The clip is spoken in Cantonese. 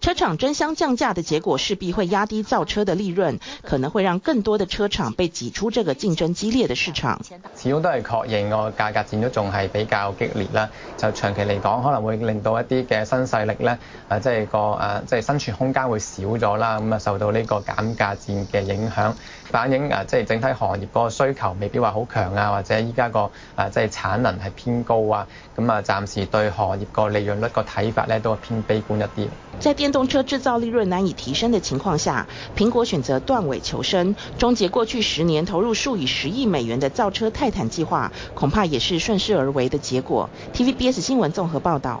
車廠爭相降價的結果，勢必會壓低造車的利潤，可能會讓更多的車廠被擠出這個競爭激烈的市場。始終都係確認個價格戰都仲係比較激烈啦，就長期嚟講，可能會令到一啲嘅新勢力咧，誒，即係個誒，即係生存空間會少咗啦。咁啊，受到呢個減價戰嘅影響。反映啊，即係整體行業個需求未必話好強啊，或者依家個啊即係產能係偏高啊，咁啊暫時對行業個利潤率個睇法咧都係偏悲觀一啲。在電動車製造利潤難以提升的情況下，蘋果選擇斷尾求生，終結過去十年投入數以十億美元的造車泰坦計劃，恐怕也是順勢而為的結果。TVBS 新聞綜合報道。